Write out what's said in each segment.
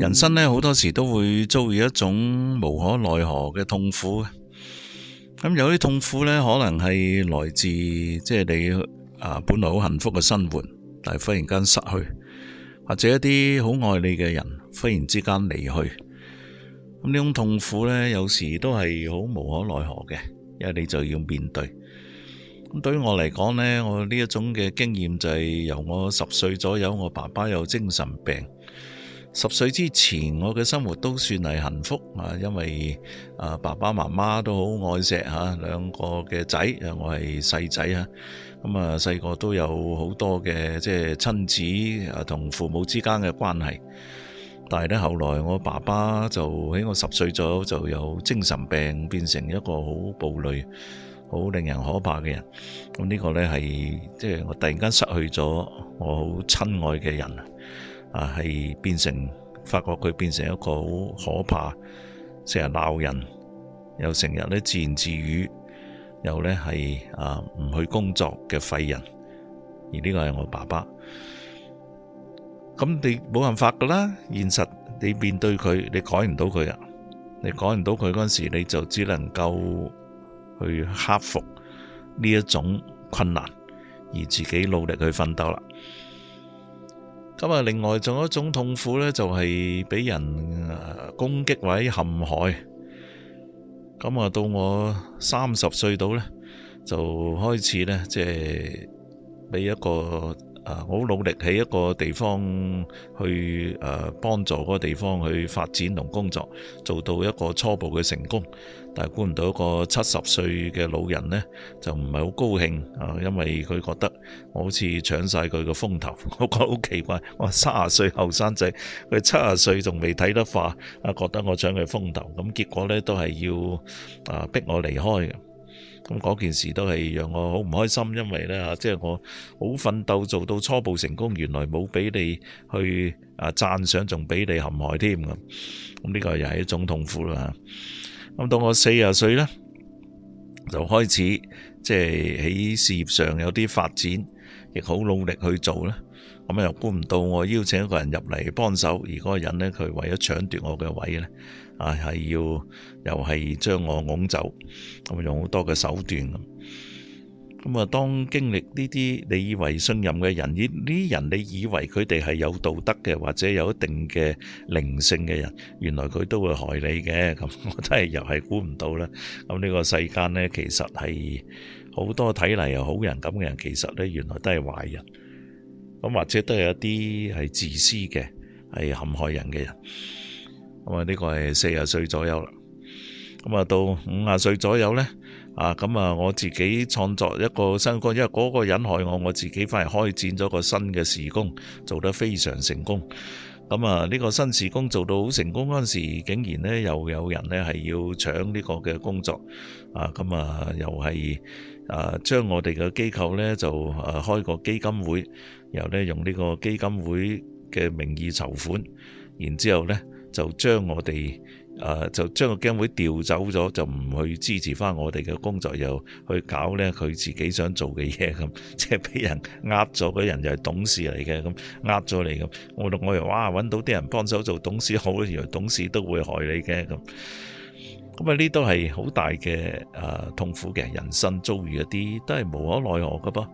人生呢，好多時都會遭遇一種無可奈何嘅痛苦。咁有啲痛苦呢，可能係來自即係、就是、你啊本來好幸福嘅生活，但係忽然間失去，或者一啲好愛你嘅人忽然之間離去，咁呢種痛苦呢，有時都係好無可奈何嘅，因為你就要面對。咁對於我嚟講呢，我呢一種嘅經驗就係由我十歲左右，我爸爸有精神病。十歲之前，我嘅生活都算係幸福啊，因為啊爸爸媽媽都好愛錫吓兩個嘅仔，我係細仔啊。咁啊細個都有好多嘅即係親子啊同父母之間嘅關係。但係咧後來我爸爸就喺我十歲左右就有精神病，變成一個好暴戾、好令人可怕嘅人。咁呢個呢係即係我突然間失去咗我好親愛嘅人啊！啊，係變成發覺佢變成一個好可怕，成日鬧人，又成日咧自言自語，又咧係啊唔去工作嘅廢人。而呢個係我爸爸。咁你冇辦法噶啦，現實你面對佢，你改唔到佢啊。你改唔到佢嗰時，你就只能夠去克服呢一種困難，而自己努力去奮鬥啦。咁啊，另外仲有一種痛苦咧，就係畀人攻擊或者陷害。咁啊，到我三十歲度咧，就開始咧，即係畀一個。啊！我好努力喺一個地方去誒、呃，幫助嗰個地方去發展同工作，做到一個初步嘅成功。但係估唔到一個七十歲嘅老人呢，就唔係好高興啊、呃，因為佢覺得我好似搶晒佢嘅風頭，我覺得好奇怪。我三十歲後生仔，佢七十歲仲未睇得化，啊覺得我搶佢風頭，咁結果呢，都係要、呃、逼我離開嘅。咁嗰件事都係讓我好唔開心，因為呢，即係我好奮鬥做到初步成功，原來冇俾你去啊讚賞，仲俾你陷害添咁。咁呢個又係一種痛苦啦。咁到我四十歲呢，就開始即係喺事業上有啲發展，亦好努力去做啦。咁又估唔到，我邀請一個人入嚟幫手，而嗰個人呢，佢為咗搶奪我嘅位呢，啊、哎、係要又係將我拱走，咁用好多嘅手段。咁、嗯、啊，當經歷呢啲你以為信任嘅人，呢啲人你以為佢哋係有道德嘅，或者有一定嘅靈性嘅人，原來佢都會害你嘅。咁、嗯、我真係又係估唔到啦。咁、嗯、呢、這個世間呢，其實係好多睇嚟又好人咁嘅人，其實呢，原來都係壞人。咁或者都係一啲係自私嘅，係陷害人嘅人。咁啊，呢個係四十歲左右啦。咁啊，到五十歲左右呢，啊咁啊，我自己創作一個新歌，因為嗰個人害我，我自己反而開展咗個新嘅事工，做得非常成功。咁啊，呢個新事工做到好成功嗰陣時，竟然咧又有人咧係要搶呢個嘅工作，啊，咁啊又係啊將我哋嘅機構呢就啊開個基金會，然後咧用呢個基金會嘅名義籌款，然之後呢就將我哋。誒、呃、就將個經委調走咗，就唔去支持翻我哋嘅工作，又去搞咧佢自己想做嘅嘢咁，即係俾人呃咗嘅人又係董事嚟嘅咁，呃咗你咁，我我又哇揾到啲人幫手做董事好，原來董事都會害你嘅咁，咁啊呢都係好大嘅誒、呃、痛苦嘅人生遭遇一啲，都係無可奈何㗎噃。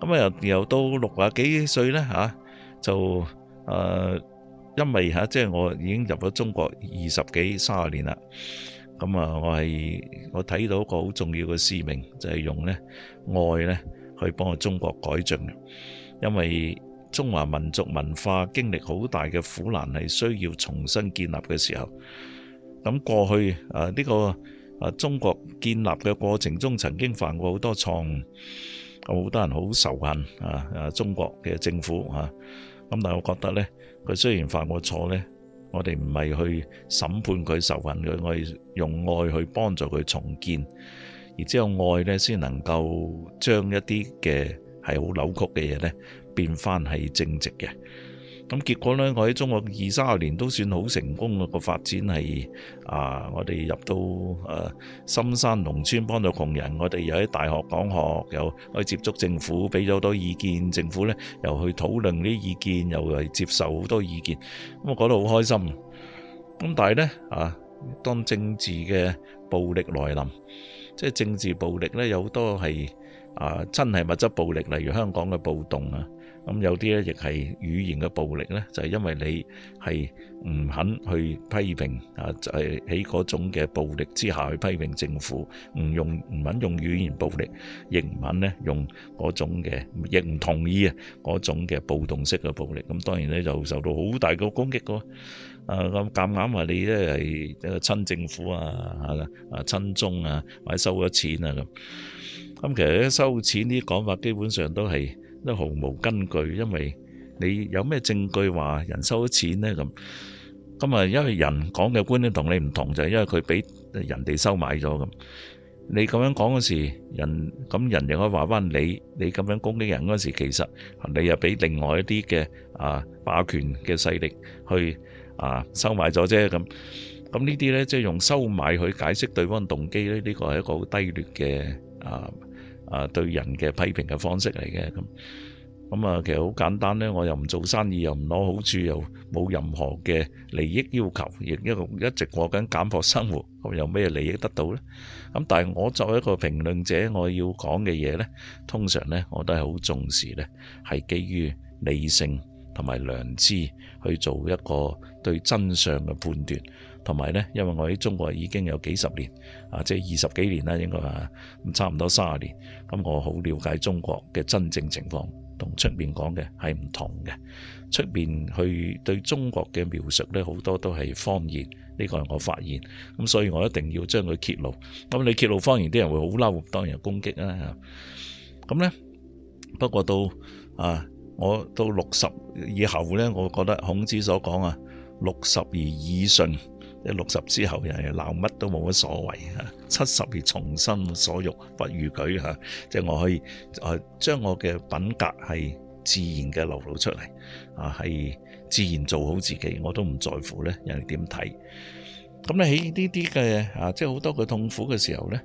咁啊又又到六呢啊幾歲咧嚇，就誒。呃因為嚇，即係我已經入咗中國二十幾三十年啦。咁啊，我係我睇到一個好重要嘅使命，就係、是、用咧愛咧去幫佢中國改進。因為中華民族文化經歷好大嘅苦難，係需要重新建立嘅時候。咁過去啊，呢、這個中國建立嘅過程中，曾經犯過好多錯誤，好多人好仇恨啊！啊，中國嘅政府啊。咁但係我覺得呢，佢雖然犯過錯呢，我哋唔係去審判佢、仇恨佢，我哋係用愛去幫助佢重建，而只有愛呢，先能夠將一啲嘅係好扭曲嘅嘢呢，變翻係正直嘅。咁結果呢，我喺中國二三十年都算好成功個發展係啊！我哋入到、啊、深山農村幫到窮人，我哋又喺大學講學，又去接觸政府，俾咗好多意見，政府呢又去討論啲意見，又係接受好多意見，咁我覺得好開心。咁但係呢，啊，當政治嘅暴力來臨，即係政治暴力呢，有好多係啊，真係物質暴力，例如香港嘅暴動啊。咁有啲咧，亦係語言嘅暴力咧，就係因為你係唔肯去批評啊，就係喺嗰種嘅暴力之下去批評政府，唔用唔肯用語言暴力，亦唔肯咧用嗰種嘅，亦唔同意啊嗰種嘅暴動式嘅暴力。咁當然咧就受到好大嘅攻擊㗎。啊咁夾硬話你咧係親政府啊，嚇啊親中啊，或者收咗錢啊咁。咁其實收錢啲講法基本上都係，都毫無根據，因為你有咩證據話人收咗錢呢？咁？咁啊，因為人講嘅觀點同你唔同，就係因為佢俾人哋收買咗咁。你咁樣講嗰時，人咁人亦可以話返你，你咁樣攻擊人嗰時，其實你又俾另外一啲嘅啊霸權嘅勢力去啊收買咗啫。咁咁呢啲呢，即係用收買去解釋對方動機呢，呢個係一個好低劣嘅啊。啊，對人嘅批評嘅方式嚟嘅咁，咁啊其實好簡單咧，我又唔做生意，又唔攞好處，又冇任何嘅利益要求，亦一一直過緊簡樸生活，咁有咩利益得到呢？咁但係我作為一個評論者，我要講嘅嘢呢，通常呢，我都係好重視呢，係基於理性，同埋良知去做一個對真相嘅判斷，同埋呢，因為我喺中國已經有幾十年，啊，即係二十幾年啦，應該啊，差唔多三十年，咁我好了解中國嘅真正情況，同出面講嘅係唔同嘅。出面去對中國嘅描述呢，好多都係謊言，呢個係我發現，咁所以我一定要將佢揭露。咁你揭露謊言，啲人會好嬲，當然攻擊啦。咁呢，不過到啊。我到六十以後呢，我覺得孔子所講啊，六十而耳順，即六十之後，人哋鬧乜都冇乜所謂啊。七十而從心所欲，不逾矩啊，即係我可以誒、啊、將我嘅品格係自然嘅流露出嚟啊，係自然做好自己，我都唔在乎呢，人哋點睇。咁你喺呢啲嘅啊，即係好多嘅痛苦嘅時候呢。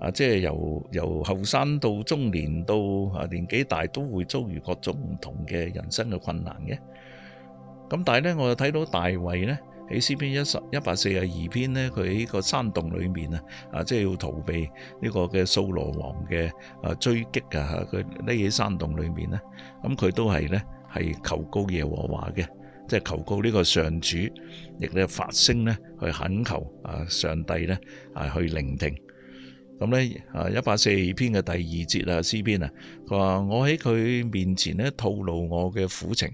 啊！即係由由後生到中年到啊，年紀大都會遭遇各種唔同嘅人生嘅困難嘅。咁但係咧，我就睇到大衛咧喺詩篇一十一百四十二篇咧，佢喺個山洞裏面啊，啊即係要逃避呢個嘅掃羅王嘅啊追擊啊。佢匿喺山洞裏面咧，咁佢都係咧係求告耶和華嘅，即係求告呢個上主，亦都發聲咧去懇求啊上帝咧啊去聆聽。咁咧，啊一百四篇嘅第二節啊，詩篇啊，佢話我喺佢面前咧，吐露我嘅苦情，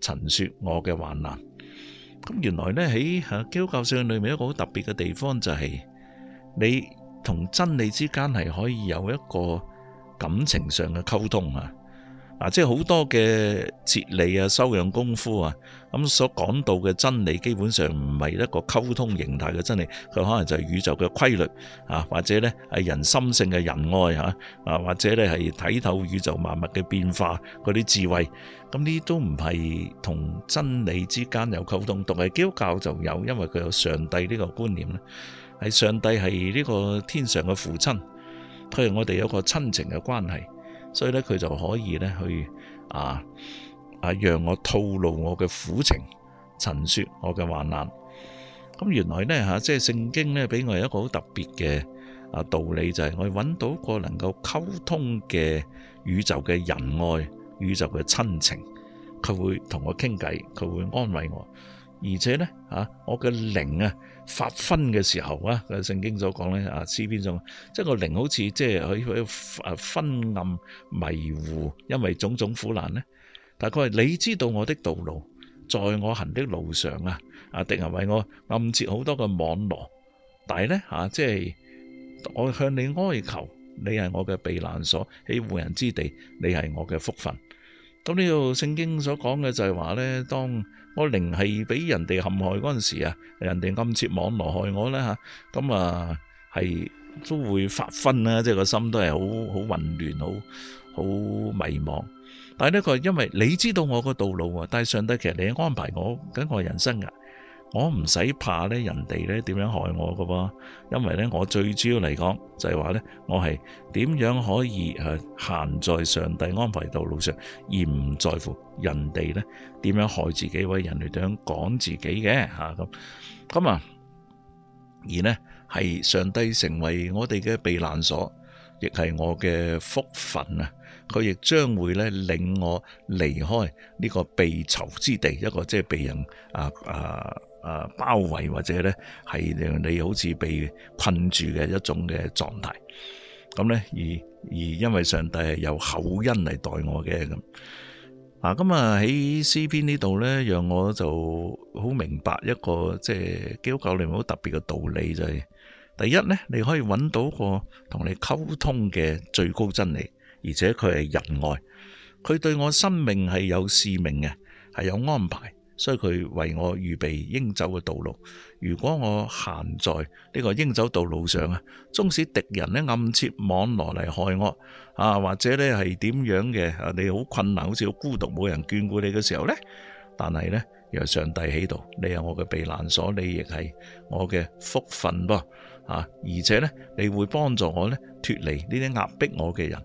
陳説我嘅患難。咁、嗯、原來咧喺基督教聖經裏面一個好特別嘅地方就係、是，你同真理之間係可以有一個感情上嘅溝通啊。嗱、啊，即係好多嘅哲理啊、修養功夫啊，咁所講到嘅真，真理，基本上唔係一個溝通形態嘅真理，佢可能就係宇宙嘅規律啊，或者呢係人心性嘅仁愛嚇，啊或者呢係睇透宇宙萬物嘅變化嗰啲智慧，咁、啊、呢都唔係同真理之間有溝通，同係基督教就有，因為佢有上帝呢個觀念咧，係上帝係呢個天上嘅父親，譬如我哋有個親情嘅關係。所以咧，佢就可以咧去啊啊,啊，讓我吐露我嘅苦情、陳說我嘅患難。咁、啊、原來呢，吓、啊，即係聖經呢，俾我一個好特別嘅啊道理，就係、是、我揾到個能夠溝通嘅宇宙嘅仁愛、宇宙嘅親情，佢會同我傾偈，佢會安慰我，而且呢，吓、啊，我嘅靈啊。發昏嘅時候啊，個聖經所講呢，啊，詩篇上，即係個靈好似即係喺喺昏暗迷糊，因為種種苦難呢，大概佢係你知道我的道路，在我行的路上啊，啊敵人為我暗設好多嘅網羅，但係呢，吓，即係我向你哀求，你係我嘅避難所，喺護人之地，你係我嘅福分。咁呢度聖經所講嘅就係話呢。當。我靈係俾人哋陷害嗰陣時啊，人哋暗設網羅害我咧吓，咁啊係都會發昏啊，即係個心都係好好混亂，好好迷茫。但係呢個因為你知道我個道路啊，但係上帝其實你安排我緊我人生啊。我唔使怕咧，人哋咧點樣害我噶噃，因為咧我最主要嚟講就係話咧，我係點樣可以誒行在上帝安排道路上，而唔在乎人哋咧點樣害自己，為人哋點樣講自己嘅嚇咁咁啊！而呢係上帝成為我哋嘅避難所，亦係我嘅福分啊！佢亦將會咧領我離開呢個被囚之地，一個即係被人啊啊～啊包圍或者咧係令你好似被困住嘅一種嘅狀態，咁呢，而而因為上帝係有厚恩嚟待我嘅咁，啊咁啊喺詩篇呢度呢，讓我就好明白一個即係基督教裏面好特別嘅道理就係、是，第一咧你可以揾到個同你溝通嘅最高真理，而且佢係仁愛，佢對我生命係有使命嘅，係有安排。所以佢為我預備應走嘅道路。如果我行在呢個應走道路上啊，縱使敵人呢暗設網羅嚟害我啊，或者呢係點樣嘅啊，你好困難，好似好孤獨，冇人眷顧你嘅時候呢，但係呢，由上帝喺度，你係我嘅避難所，你亦係我嘅福分噃啊！而且呢，你會幫助我呢脫離呢啲壓迫我嘅人，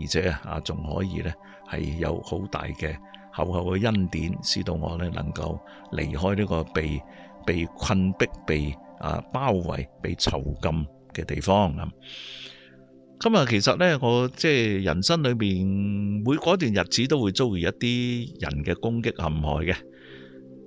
而且啊，仲可以呢，係有好大嘅。厚厚嘅恩典，使到我呢，能夠離開呢個被被困逼，被啊包圍，被囚禁嘅地方咁。今日其實呢，我即係人生裏邊每嗰段日子都會遭遇一啲人嘅攻擊陷害嘅。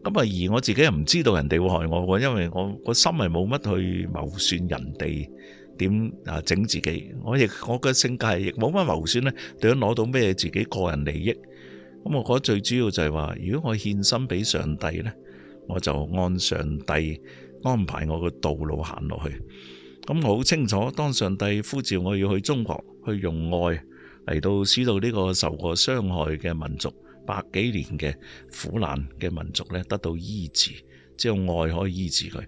咁啊，而我自己又唔知道人哋會害我，因為我個心係冇乜去謀算人哋點啊整自己。我亦我嘅性格亦冇乜謀算呢，咧，點攞到咩自己個人利益。咁我覺得最主要就係話，如果我獻身俾上帝呢，我就按上帝安排我嘅道路行落去。咁我好清楚，當上帝呼召我要去中國，去用愛嚟到使到呢個受過傷害嘅民族百幾年嘅苦難嘅民族呢，得到醫治，只有愛可以醫治佢。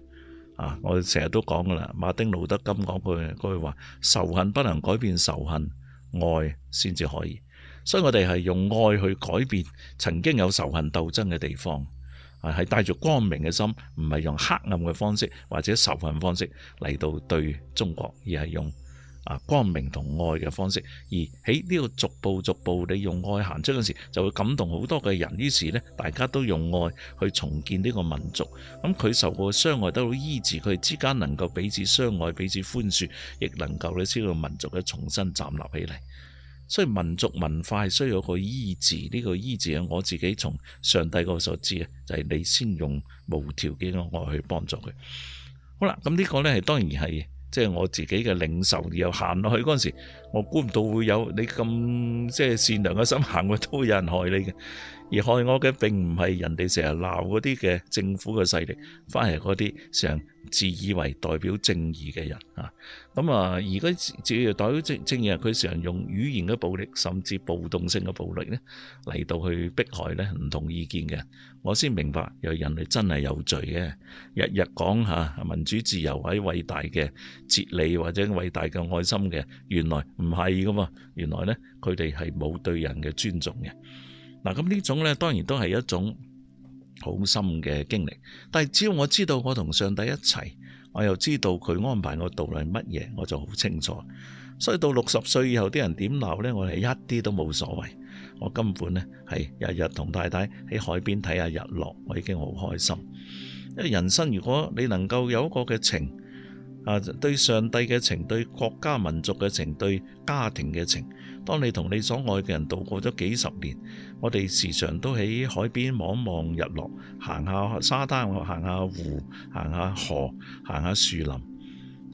啊，我成日都講噶啦，馬丁路德金講句嗰句話：仇恨不能改變仇恨，愛先至可以。所以我哋係用愛去改變曾經有仇恨鬥爭嘅地方，啊，係帶住光明嘅心，唔係用黑暗嘅方式或者仇恨方式嚟到對中國，而係用啊光明同愛嘅方式。而喺呢個逐步逐步地用愛行出嗰時，就會感動好多嘅人。於是呢，大家都用愛去重建呢個民族。咁佢受過嘅傷害得到醫治，佢哋之間能夠彼此相愛、彼此寬恕，亦能夠呢個民族嘅重新站立起嚟。所以民族文化係需要個醫治。呢、這個醫治啊，我自己從上帝嗰個所知啊，就係、是、你先用無條件嘅愛去幫助佢。好啦，咁、這、呢個呢，係當然係，即、就、係、是、我自己嘅領受又行落去嗰陣時，我估唔到會有你咁即係善良嘅心行過，都會有人害你嘅。而害我嘅並唔係人哋成日鬧嗰啲嘅政府嘅勢力，反而嗰啲常自以為代表正義嘅人啊！咁啊，而家自以為代表正正義，佢常用語言嘅暴力，甚至暴動性嘅暴力呢，嚟到去迫害呢唔同意見嘅。我先明白，有人類真係有罪嘅，日日講下民主自由或者偉大嘅哲理或者偉大嘅愛心嘅，原來唔係噶嘛，原來呢，佢哋係冇對人嘅尊重嘅。嗱，咁呢種呢當然都係一種好深嘅經歷，但係只要我知道我同上帝一齊，我又知道佢安排我道路係乜嘢，我就好清楚。所以到六十歲以後，啲人點鬧呢？我係一啲都冇所謂。我根本呢係日日同太太喺海邊睇下日落，我已經好開心。因為人生如果你能夠有一個嘅情啊，對上帝嘅情，對國家民族嘅情，對家庭嘅情。當你同你所愛嘅人度過咗幾十年，我哋時常都喺海邊望望日落，行下沙灘，行下湖，行下河，行下樹林，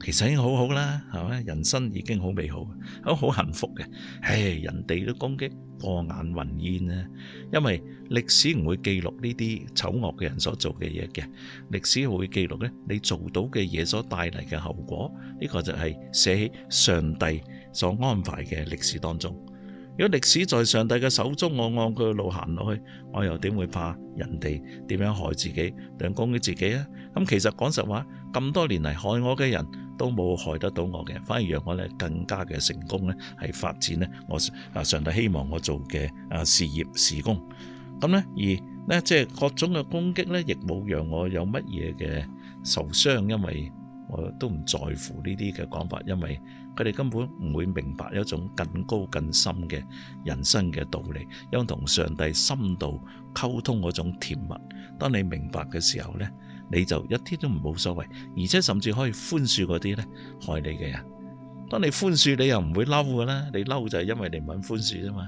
其實已經好好啦，係咪？人生已經好美好，都好幸福嘅。唉，人哋都攻擊過眼雲煙啦，因為歷史唔會記錄呢啲醜惡嘅人所做嘅嘢嘅，歷史會記錄咧你做到嘅嘢所帶嚟嘅後果，呢個就係寫起上帝所安排嘅歷史當中，如果歷史在上帝嘅手中，我按佢嘅路行落去，我又點會怕人哋點樣害自己、點樣攻擊自己啊？咁其實講實話，咁多年嚟害我嘅人都冇害得到我嘅，反而讓我咧更加嘅成功咧，係發展呢。我啊上帝希望我做嘅啊事業事工。咁呢。而咧即係各種嘅攻擊呢，亦冇讓我有乜嘢嘅受傷，因為。我都唔在乎呢啲嘅講法，因為佢哋根本唔會明白有一種更高更深嘅人生嘅道理，因為同上帝深度溝通嗰種甜蜜。當你明白嘅時候咧，你就一啲都冇所謂，而且甚至可以寬恕嗰啲咧害你嘅人。當你寬恕，你又唔會嬲噶啦，你嬲就係因為你唔肯寬恕啫嘛。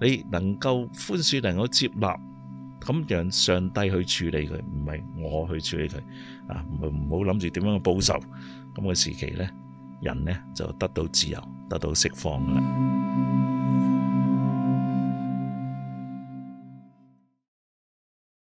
你能夠寬恕，能夠接納。咁讓上帝去處理佢，唔係我去處理佢，啊，唔好諗住點樣去報仇，咁個時期咧，人咧就得到自由，得到釋放噶啦。